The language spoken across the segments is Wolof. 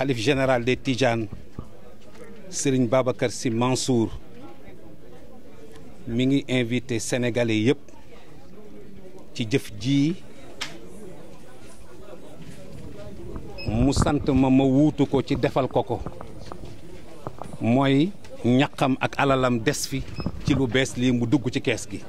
xalif général des Tidianes sëriñ Babacar Sy Mansour mi ngi invité sénégalais yëpp ci jëf ji mu sant ma ma wuutu ko ci defal ko ko mooy ñaqam ak alalam des fi ci lu bees li mu dugg ci kees gi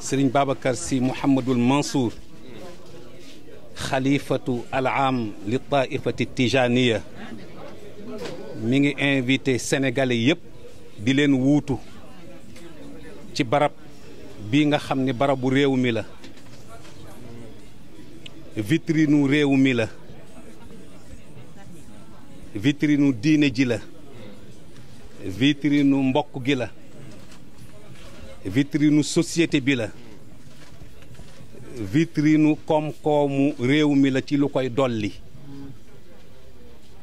sëriñ Babacar Sy Mouhamadul Mansour alxalifatu alaam li taifati tijaniya mi ngi invité sénégalais yëpp di leen wuutu ci barab bi nga xam ni barabu réew mi la vitrinu réew mi la vitrinu diine ji la vitrinu mbokk gi la vitrinu société bi la vitrine koom-koomu réew mi la ci lu koy dolli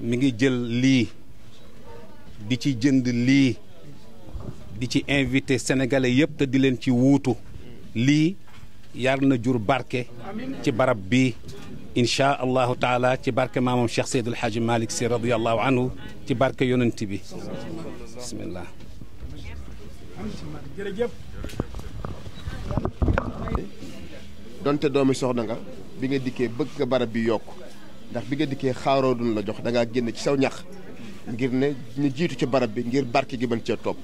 mi ngi jël lii di ci jënd lii di ci invité sénégalais yëpp te di leen ci wuutu lii yar na jur barke ci barab bi inchaa allahu taala ci barke maamam Cheikh Seydil Hadji Malick Sy radiallahu anhu ci barke yonent bi donte doomi soxna nga bi nga dikkee bëgg nga barab bi yokk ndax bi nga dikkee xaaroo duñ la jox da ngaa génn ci saw ñax ngir ne ñu jiitu ci barab bi ngir barki gi mën cee topp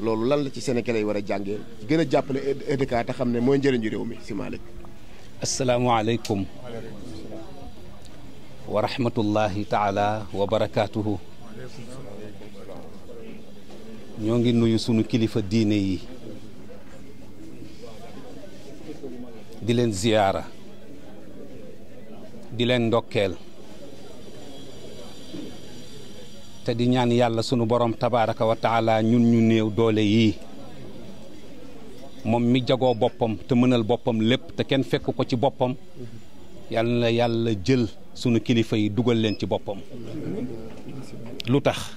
loolu lan la ci sénégalais yi war a jàngee gën a jàppale EDK te xam ne mooy njëriñu réew mi si Malick asalaamaaleykum wa rahmatullahi taala wa barakaatuhu ñoo ngi nuyu sunu kilifa diine yi di leen ziyaara di leen ndokkeel te di ñaan yàlla sunu borom tabaaraka wa ñun ñu néew doole yii moom mi jagoo boppam te mënal boppam lépp te kenn fekk ko ci boppam yàlla na yàlla jël sunu kilifa yi dugal leen ci boppam lu tax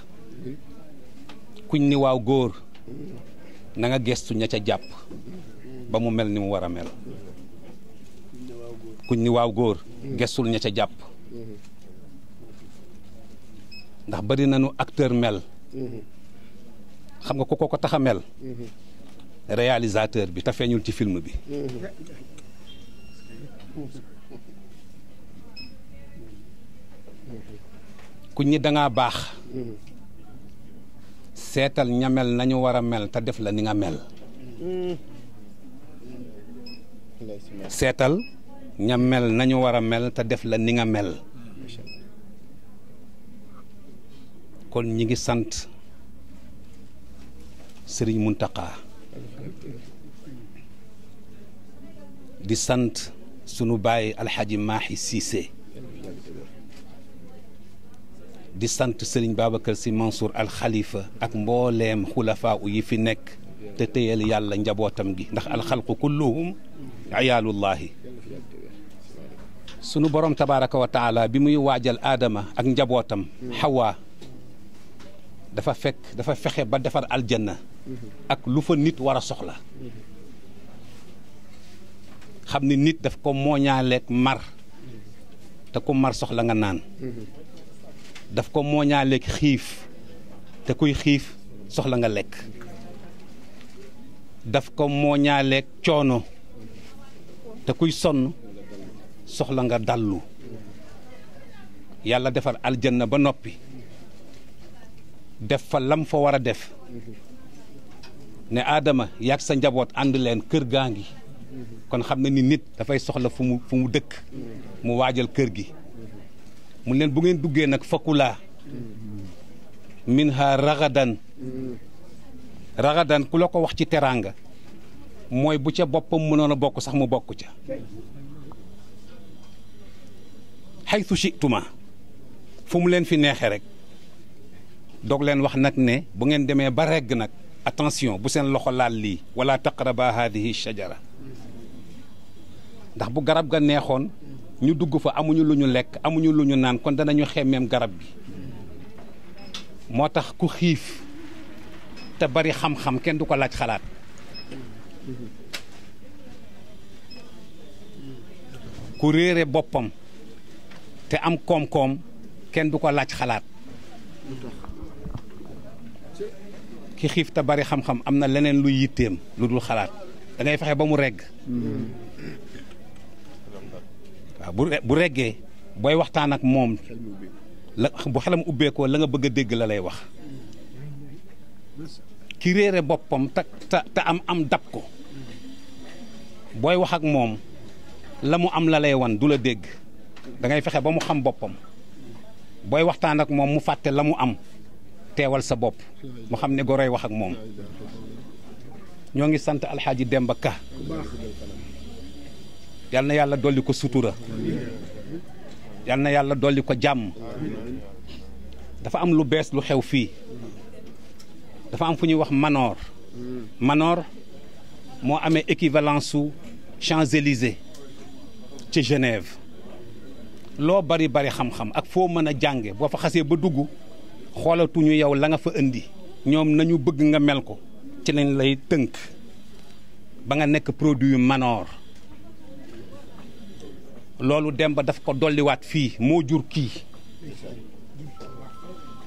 kuñ ni waaw góor na nga ña ca jàpp ba mu mel ni mu war a mel kuñ ni waaw góor gesul ña ca jàpp ndax bari nañu acteur mel xam nga ko ko ko tax a mel réalisateur bi te feeñul ci film bi kuñ ni danga baax seetal ñamel nañu war a mel te def la ni nga mel mm. seetal ña nañu war a mel te def la ni nga mel kon ñi ngi sant sëriñ Muntaqa di sant sunu baay alxaji Maaxi Siise di sant sëriñ Babacar Si Mansour al ak mbooleem xulafaa u yi fi nekk te téyel yàlla njabootam gi ndax alxalqu kulluhum ayaalullahi sunu boroom tabaaraka wa bi muy waajal aadama ak njabootam xawaa dafa fekk dafa fexe ba defar aljana ak lu fa nit war a soxla xam ni nit daf ko mooñaaleeg mar te ku mar soxla nga naan daf ko mooñaaleeg xiif te kuy xiif soxla nga lekk daf ko mooñaaleeg coono te kuy sonn soxla nga dallu yàlla defar aljanna ba noppi def fa lam fa war a def ne aadama yàgg sa njaboot ànd leen kër gaa ngi kon xam na ni nit dafay soxla fu mu fu mu dëkk mu waajal kër gi mu leen bu ngeen duggee nag fakulaa min ha ragadan ragadan ku la ko wax ci teraanga mooy bu ca boppam mënoon a bokk sax mu bokk ca xaytu chituma fu mu leen fi neexee rek dog leen wax nag ne bu ngeen demee ba regg nag attention bu seen loxo laal lii wala taqraba hadihi shajara ndax bu garab ga neexoon ñu dugg fa amuñu lu lekk amuñu lu ñu naan kon danañu xemmeem garab bi moo tax ku xiif te bari xam-xam kenn du ko laaj xalaat ku réere boppam te am koom-koom kenn du ko laaj xalaat ki xiif te bari xam-xam am na leneen lu yitteem lu dul xalaat da fexe ba mu regg waaw bu reggee booy waxtaan ak moom la bu xelam ubbeekoo la nga bëgg a dégg la lay wax ki réere boppam te te am am dab ko booy wax ak moom la mu am la lay wan du la dégg da fexe ba mu xam boppam booy waxtaan ak moom mu fàtte la mu am teewal sa bopp mu xam ne goroy wax ak moom ñoo ngi sant alxaaji Demba Ka yal na yàlla dolli ko sutura yal na yàlla dolli ko jàmm dafa am lu bees lu xew fii dafa am fu ñuy wax manoor manoor moo amee équivalence su champs ci Genève loo bari bari xam-xam ak foo mën a jànge boo fa xasee ba dugg xoolatuñu yow la nga fa indi ñoom nañu bëgg nga mel ko ci lañ lay tënk ba nga nekk produit manoor loolu dem ba daf ko dolliwaat fii moo jur kii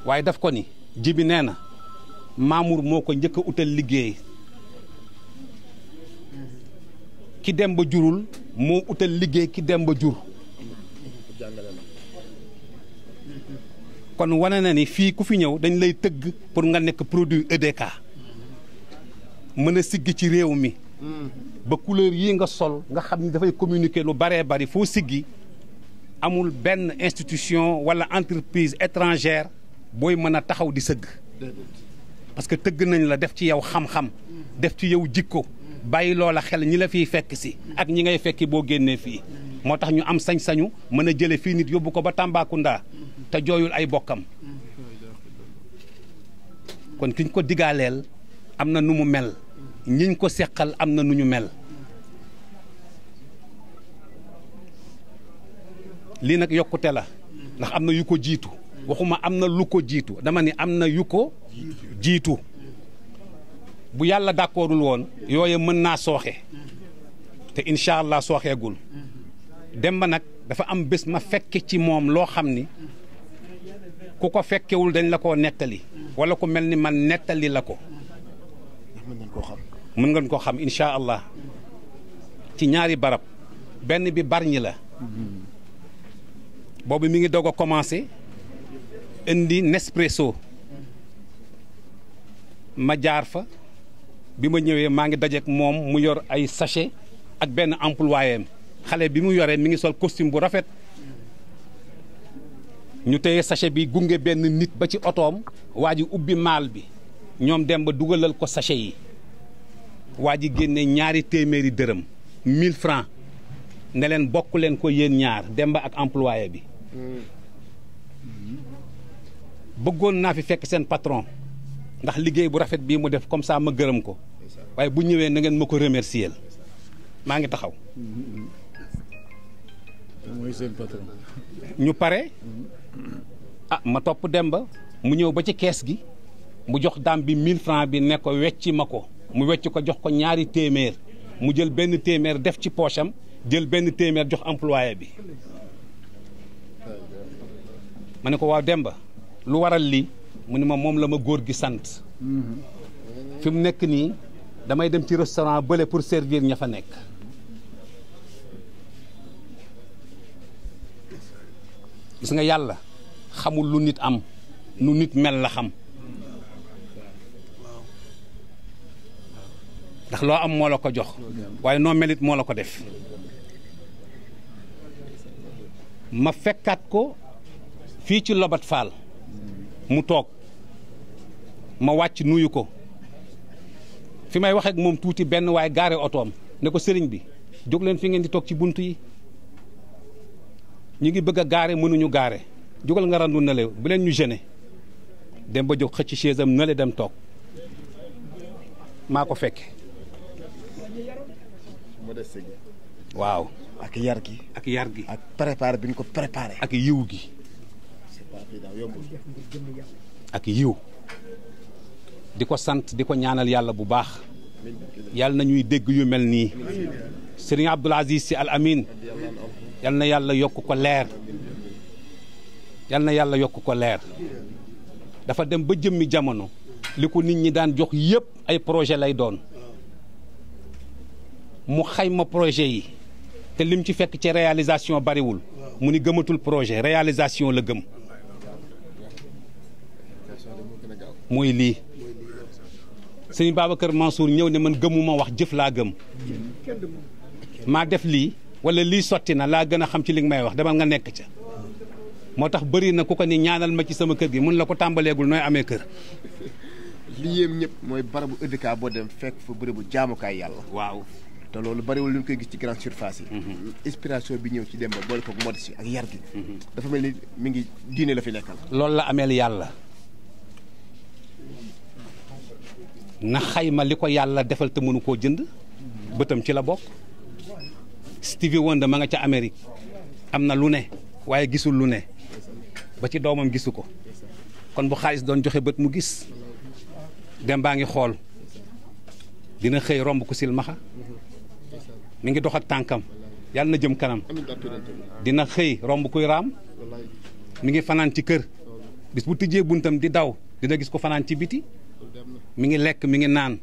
waaye daf ko ni jibi nee na Mamour moo ko njëkk a utal liggéey ki dem ba jurul moo utal liggéey ki dem ba jur kon wane na ni fii ku fi ñëw dañ lay tëgg pour nga nekk produit EDK mën a siggi ci réew mi ba couleur yi nga sol nga xam ni dafay communiquer lu baree bari foo siggi amul benn institution wala entreprise étrangère booy mën a taxaw di sëgg parce que tëgg nañ la def ci yow xam-xam def ci yow jikko bàyyi loola xel ñi la fiy fekk si ak ñi ngay fekki boo génnee fii moo tax ñu am sañ-sañu mën a jële fii nit yóbbu ko ba Tambacounda te jooyul ay bokkam kon kiñ ko digaaleel am na nu mu mel ñiñ ko seqal am na nu ñu mel lii nag yokkute la ndax am na yu ko jiitu waxuma am na lu ko jiitu dama ni am na yu ko jiitu bu yàlla d'accordul woon yooye mën naa sooxe te incha allah sooxeegul dem nag dafa am bés ma fekk ci moom loo xam ni ku ko fekkewul dañ la koo nettali wala ku mel ni man nettali la ko mën ngeen koo xam xam incha allah ci ñaari barab benn bi barñi la boobu mi ngi doog a commencé indi Nespresso ma jaar fa bi ma ñëwee maa ngi dajeek moom mu yor ay sachet ak benn employé am xale bi mu yoree mi ngi sol costume bu rafet ñu téye sachet bi gunge benn nit ba ci otoom waa ji ubbi maal bi ñoom dem ba dugalal ko sachet yi waa ji génne ñaari téeméeri dërëm 1000 francs ne leen bokk leen ko yéen ñaar Demba ak employé bi bëggoon naa fi fekk seen patron ndax liggéey bu rafet bii mu def comme ça gërëm ko waaye bu ñëwee na ngeen ma ko remercier maa ngi taxaw. ñu pare. a ah, ma topp Demba mu ñëw ba ci kees gi mu jox daam bi 1000 francs bi ne ko wecci ma ko mu wecc ko jox ko ñaari téeméer mu jël benn téeméer def ci poche jël benn téeméer jox employé bi ma ne ko waaw Demba lu waral li mu ne ma moom la ma góor gi sant mhm. fi mu nekk nii damay dem ci restaurant bële pour servir ña fa nekk gis nga yàlla xamul lu nit am nu nit mel la xam ndax loo am moo la ko jox waaye noo melit moo la ko def ma fekkaat ko fii ci lobat faal mu toog ma wàcc nuyu ko fi may wax moom tuuti benn waaye gaare otoom ne ko sëriñ bi jóg leen fi ngeen di toog ci bunt yi ñu ngi bëgg a gaare mënuñu gaare jugal nga randu nale bu leen ñu gêné dem ba jóg xëcc chaise am dem toog maa ko fekk waaw ak yar gi ak yar gi ak préparé bi ko préparé ak yiw gi ak yiw di ko sant di ko ñaanal yàlla bu baax yàlla na ñuy dégg yu mel nii sëriñ Abdoul Aziz si Al Amin yal na yàlla yokk ko leer yal na yàlla yokk ko leer dafa dem ba jëmmi jamono li ko nit ñi daan jox yépp ay projet lay doon mu xayma projet yi te lim ci fekk ci réalisation bariwul mu ni gëmatul projet réalisation la gëm mooy lii sëñ Babacar Mansour ñëw ne man gëmuma wax jëf laa gëm maa def lii wala lii sotti na laa gën a xam ci li may wax demal nga nekk ca moo tax bëri na ku ko ni ñaanal ma ci sama kër gi mun la ko tàmbaleegul nooy amee kër. li yéem ñëpp mooy barabu EDK boo dem fekk fa bërëbu jaamukaay yàlla. waaw te loolu bariwul lu ñu koy gis ci grande surface yi. Mhm. inspiration bi ñëw ci Demba boole ko mode si ak yar gi. Mhm. dafa mel ni mi ngi diine la fi nekkal. loolu la ameel yàlla na xayma li ko yàlla defal te mënu koo jënd bëtam ci la bokk. Stevie Wonder ma nga ca Amérique am na lu ne waaye gisul lu ne ba ci doomam gisu ko kon bu xaalis doon joxe bët mu gis dem baa ngi xool dina xëy romb ku silmaxa mu ngi dox ak tànkam yàlla na jëm kanam dina xëy romb kuy raam mu ngi fanaan ci kër bis bu tijjee buntam di daw dina gis ko fanaan ci biti mu ngi lekk mi ngi naan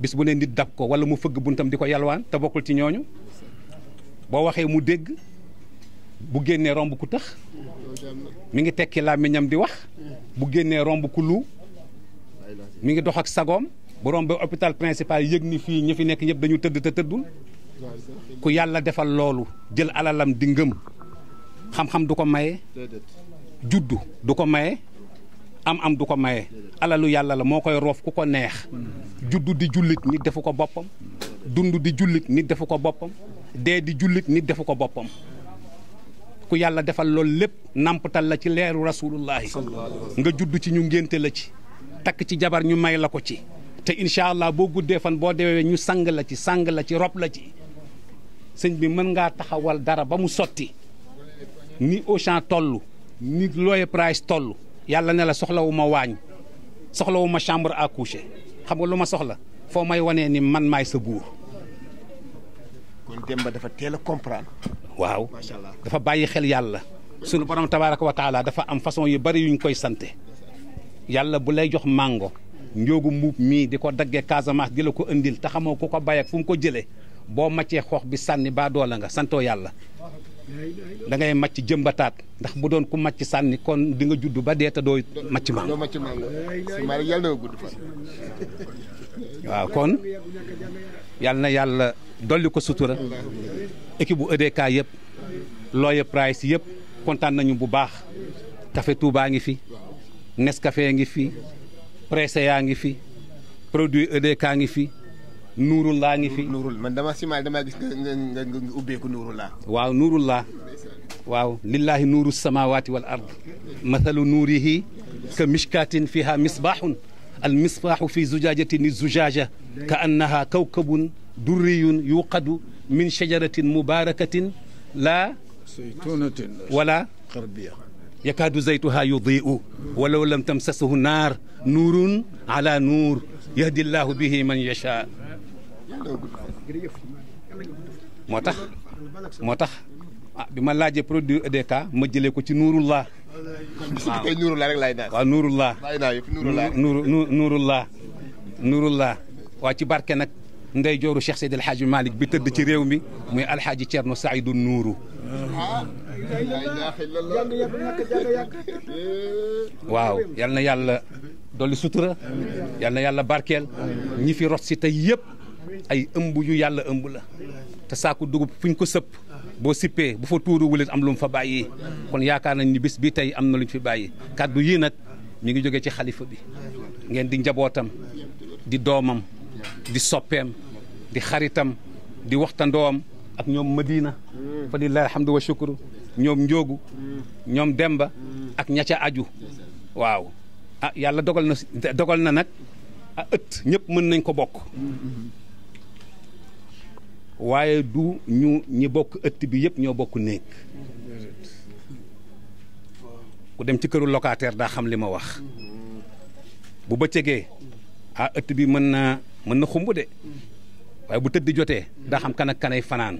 bis bu ne nit dab ko wala mu fëgg buntam di ko yalwaan te bokkul ci ñooñu boo waxee mu dégg bu génnee romb ku tëx mi ngi tekki làmmiñam di wax bu génnee romb ku lu mi ngi dox ak sagoom bu rombee hôpital principal yëg ni fii ñi fi nekk ñëpp dañu tëdd te tëddul ku yàlla defal loolu jël alalam di ngëm xam-xam du ko maye juddu du ko maye am-am du ko maye alalu yàlla la moo koy roof ku ko neex juddu di jullit nit defu ko boppam dund di jullit nit defu ko boppam dee di jullit nit defu ko boppam ku yàlla defal loolu lépp nampatal la ci leeru rasulullahi nga juddu ci ñu ngénte la ci takk ci jabar ñu may la ko ci te incha allah boo guddee fan boo deewee ñu sang la ci sang la ci rob la ci sëñ bi mën ngaa taxawal dara ba mu sotti ni Auchan tollu ni Loyer Price toll yàlla ne la soxlawu ma waañ soxlawu ma chambre à coucher xam nga lu ma soxla foo may wanee ni man maay sa buur kon dafa teel a comprendre. waaw macha dafa bàyyi xel yàlla. sunu borom tabaaraka wa taala dafa am façon yu bari yuñ koy sante yàlla bu lay jox màngo njóogu mbuub mii di ko daggee Casamance di la ko indil taxamoo xamoo ku ko bay ak fu mu ko jëlee boo maccee xoox bi sànni baa doola nga santoo yàlla dangay ngay màcc jëmbataat ndax bu doon ku macc sànni kon di nga juddu ba dee doo màcc mango waaw kon yàlla na yàlla dolli ko sutura équipe bu EDK yëpp Loya Price yëpp kontaan nañu bu baax café Touba ngi fi Nescafé ngi fi pressé yaa ngi fi produit e kaa ngi fi nuurul laa ngi fi. nuurul man dama simaal dama gis nga nga nga ubbeeku nuurul laa. waaw nuurul laa waaw lillahi nuuru samawati wal ard mathalu nuurihi ka mishkatin fiha misbahun al misbahu fi zujajatin zujaja ka annaha kawkabun durriyun yuqadu min shajaratin mubarakatin laa zaytunatin wala xarbiya yakaadu zaytuha yudiu walaw lam tamsashu naar nuurun ala nuur yahdi llahu bihi man yacha moo tax moo tax ah bi ma laajee produit EDK ma jëlee ko ci nuurullah waaw nuurullah rek laay naan waaw nuurullah nuurullah nuurullah waa ci barke nag ndey jooru Cheikh Seydil Hadji bi tëdd ci réew mi muy alxaaji Thierno Saïdou Nourou waaw yal na yàlla doolu sutura yal na yàlla barkeel ñi fi rot si tey yëpp ay ëmb yu yàlla ëmb la te saaku dugub fuñ ko sëpp boo sippee bu fa tuuru wulit am lu mu fa bàyyi kon yaakaar nañ ni bis bi tey am na lu ñu fi bàyyi kàddu yii nag mi ngi jóge ci xalifa bi ngeen di njabootam di doomam di soppeem di xaritam di waxtandoom ak ñoom Madina mm. fa lillahi alhamdu wa shukru ñoom Njoogu mm. ñoom Demba mm. ak ña aju waaw ah yàlla dogal na na nag a ah, ëtt ñëpp mën nañ ko bokk waaye du ñu ñi bokk ëtt bi yëpp ñoo bokk néeg ku dem ci këru locataire daa xam li ma wax bu bëccëgee ah ëtt bi mën na mën na xumb de waaye bu tëdd jotee daa xam kan ak kanay fanaan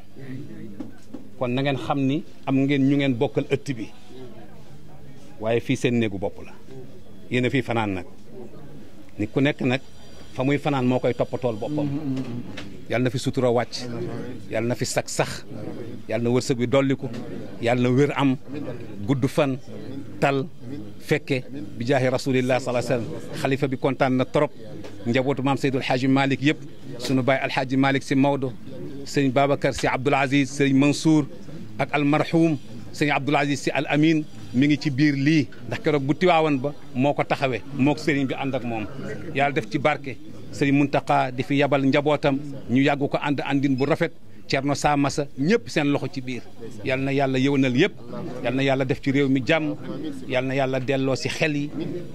kon na ngeen xam ni am ngeen ñu ngeen bokkal ëtt bi waaye fii seen néegu bopp la yéen fii fanaan nag ni ku nekk nag fa muy fanaan moo koy toppatool boppam na fi sutura wàcc yàlla na fi sag sax yàlla na wërsëg bi dolliku yàlla na wér am gudd fan tal fekke bi jaahi rasulillah sallallahu alayhi wasallam xalifa bi kontaan na trop njabootu maam Seydou Alxaaji Malick yëpp sunu baay Alxaaji Malick si Maodo sëñ Babacar si Abdoul Aziz sëñ Mansour ak almarhum sëñ Abdoul Aziz si al amin mi ngi ci biir lii ndax keroog bu tiwaawan ba moo ko taxawee moo ko sëriñ bi ànd ak moom yàlla def ci barke sëriñ Muntaqa di fi yabal njabootam ñu yàgg ko ànd àndin bu rafet Cerno Samassa ñëpp seen loxo ci biir yal na yàlla yëwanal yépp yal na yàlla def ci réew mi jàmm yal na yàlla delloo si xel yi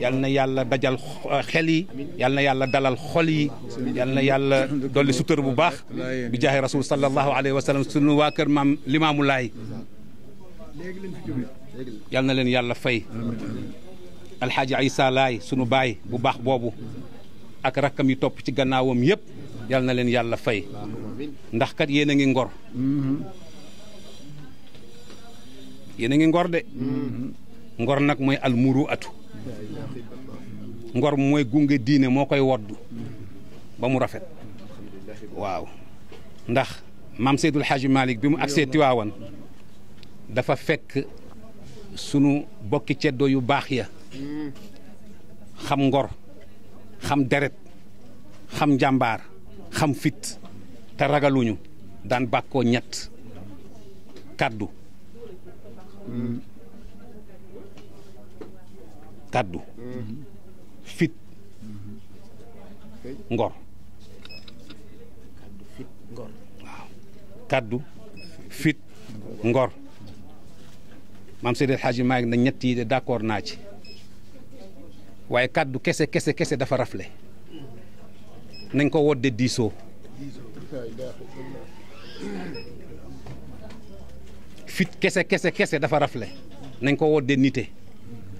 yal na yàlla dajal euh, yi yal yàlla dalal xol yi yal na yàlla dolli sutur bu baax bi jaahi rasul sallallahu alayhi sunu waa kër maam Limaamu Laay yal na leen yàlla fay alxaaji Isa Laay sunu baay bu baax boobu ak rakkam yi topp ci gannaawam yëpp yal na leen yàlla fay ndax kat yéen a ngi ngor. yéen a ngi ngor de. ngor nag mooy muru atu. ngor mooy gunge diine moo koy wodd ba mu rafet. waaw ndax maam Seydul Xaaji Malick bi mu agsee waawan dafa fekk sunu bokki ceddo yu baax ya xam ngor xam deret xam njàmbaar xam fit te ragaluñu daan bàkkoo ñett kàddu kàddu fit ngor kàddu fit ngor maam Seydi El Hadji Malick na ñett yi de d'accord naa ci waaye kàddu kese kese kese dafa rafle nañ ko wodde diisoo fit kese kese kese dafa rafle nañ ko woddee nite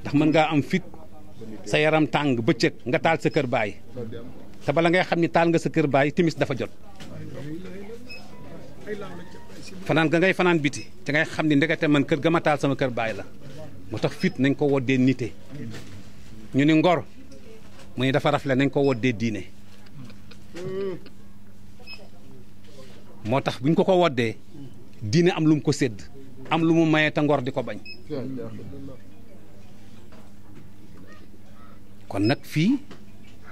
ndax mën ngaa am fit sa yaram tàng bëccëg nga taal sa kër baay te bala ngay xam ni taal nga sa kër baay timis dafa jot fanaan ga ngay fanaan biti te ngay xam ni ndekete man kër ga ma taal sama kër baay la moo tax fit nañ ko woddee nite ñu ni ngor mu ni dafa rafle nañ ko woddee diine moo tax bu ñu ko ko woddee diine am lu mu ko sédd am lu mu mayee te ngor di ko bañ kon nag fii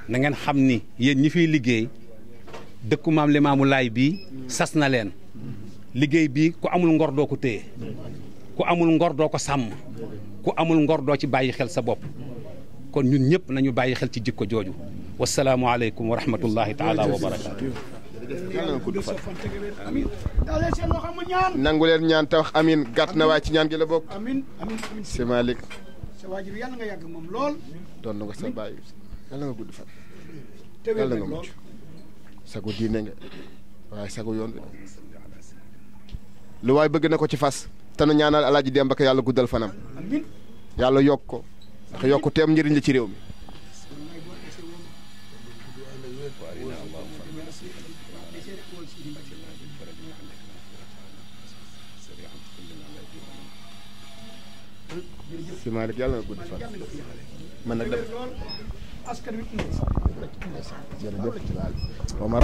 na ngeen xam ni yéen ñi fiy liggéey dëkkumaam maam limaamu laay bii sas na leen liggéey bii ku amul ngor doo ko téye ku amul ngor doo ko sàmm ku amul ngor doo ci bàyyi xel sa bopp kon ñun ñëpp nañu bàyyi xel ci jikko jooju wasalaamualeykum wa rahmatullahi taala wa nangu leen ñaan tawax amin gàtt na waaye ci ñaan gi la bokk. amin amin amin si Malick. sa waajur nga sa bàyyi yàlla nga gudd fan. yàlla nga mucc sagu diine nga waaye sagu yoon bi lu waay bëgg na ko ci fas te na ñaanal alaaji Demba ka yàlla guddal fanam. yàlla yokk ko ndax yokk teem njëriñ la ci réew mi. si Malick yàlla na gudd fan. man nag def askan wi jërëjëf Omar